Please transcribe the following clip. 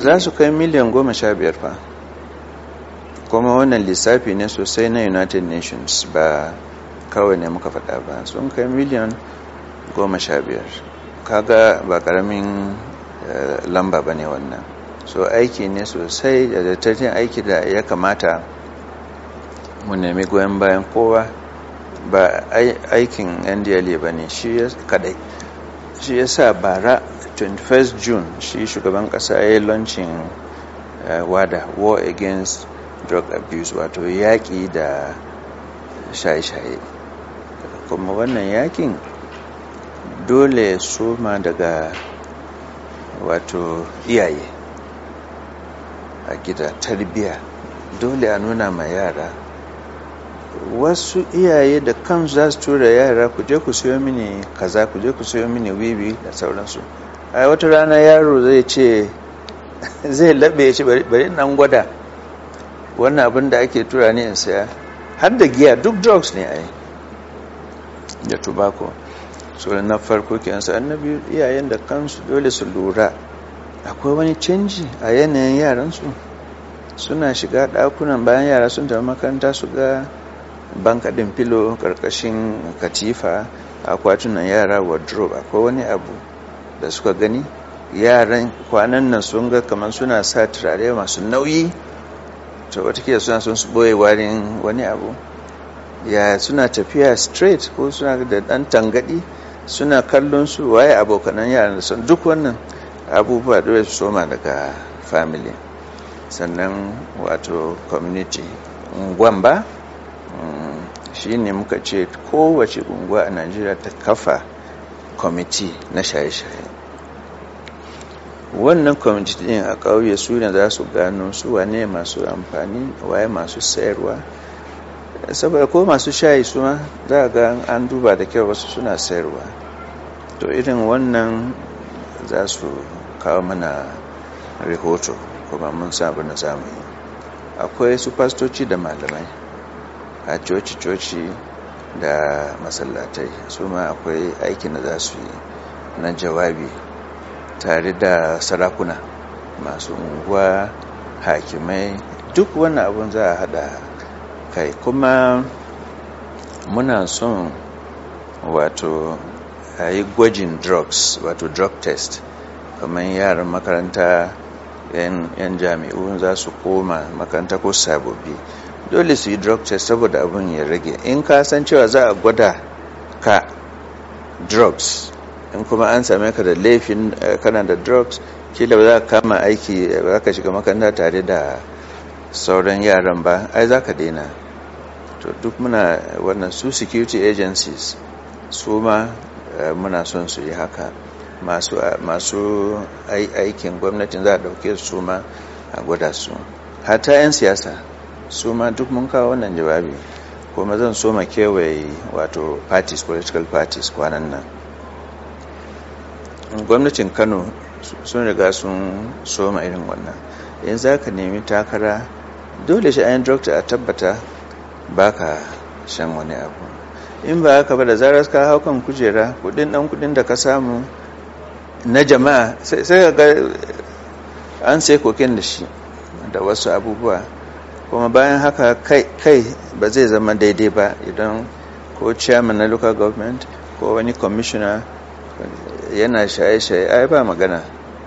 za su kai miliyan goma sha biyar fa kuma wannan lissafi ne sosai na united nations ba kawai ne muka faɗa ba sun kai miliyan goma sha biyar kaga ba karamin eh, lamba ba ne wannan so aiki ne sosai da dattattin aiki da ya kamata mu nemi goyon bayan kowa ba aikin ndla e ba ne shi ya kadai shi ya sa bara 21st june shi shugaban kasa ya yi launching eh, wada war against drug abuse wato yaƙi da shaye-shaye kuma wannan yakin dole soma daga wato iyaye a gida tarbiya dole a nuna ma yara wasu iyaye da kan za su tura yara kuje ku siyo mini kaza kuje ku siyo mini wiwi da sauransu a wata rana yaro zai ce zai labe ya ce bari nan gwada wannan abin da ake tura ne in saya har da giya duk drugs ne a yi da tobacco tsoron na farko kensa annabi iyayen da kansu dole su lura akwai wani canji a yanayin yaransu suna shiga ɗakunan bayan yara sun tafi makaranta su ga bankaɗin filo ƙarƙashin katifa akwatunan yara wardrobe akwai wani abu da suka gani yaran kwanan nan sun ga kamar suna sa turare masu nauyi to watakila suna sun su boye warin wani abu ya suna tafiya straight ko suna da ɗan tangadi suna kallon su waye abokanan yaran da sun duk wannan abubuwa da su soma daga family sannan wato community unguwan ba mm, shi ne muka ce kowace unguwa a najeriya ta kafa kwamiti na shaye-shaye wannan kwamiti din a ƙauye su ne za su gano su wane masu amfani waye masu sayarwa saboda ko masu shayi su ma za a ga an duba da kyau wasu suna sayarwa to irin wannan za su kawo mana rahoto kuma mun sabu na zamani akwai su fastoci da malamai a coci-coci da masallatai su ma akwai aikin da za su yi na jawabi tare da sarakuna masu unguwa hakimai duk wani abun za a hada kai kuma muna son wato a yi gwajin drugs wato drug test kamar yaran makaranta yan jami'u za su koma makaranta ko sababbi dole su yi drug test saboda abun ya rage in ka san cewa za a gwada ka drugs in kuma an same ka da laifin eh, kana da drugs kila ba za ka kama aiki eh, ba ka shiga makaranta tare da sauran yaran ba ai za ka daina to duk muna eh, wannan su security agencies su ma muna son su yi haka masu aikin gwamnatin za a dauke su ma a gwada su hata 'yan siyasa su ma duk mun kawo wannan jawabi kuma zan so ma kewaye wato parties political parties kwanan nan gwamnatin kano sun riga sun soma irin wannan in za ka nemi takara dole shi ayin dokta a tabbata ba ka shan wani abu in ba ka ba da zarar ka haukan kujera kudin dan kudin da ka samu na jama'a sai ga an sai koken da shi da wasu abubuwa kuma bayan haka kai ba zai zama daidai ba idan ko chairman na local government ko wani commissioner yana shaye-shaye ai ba magana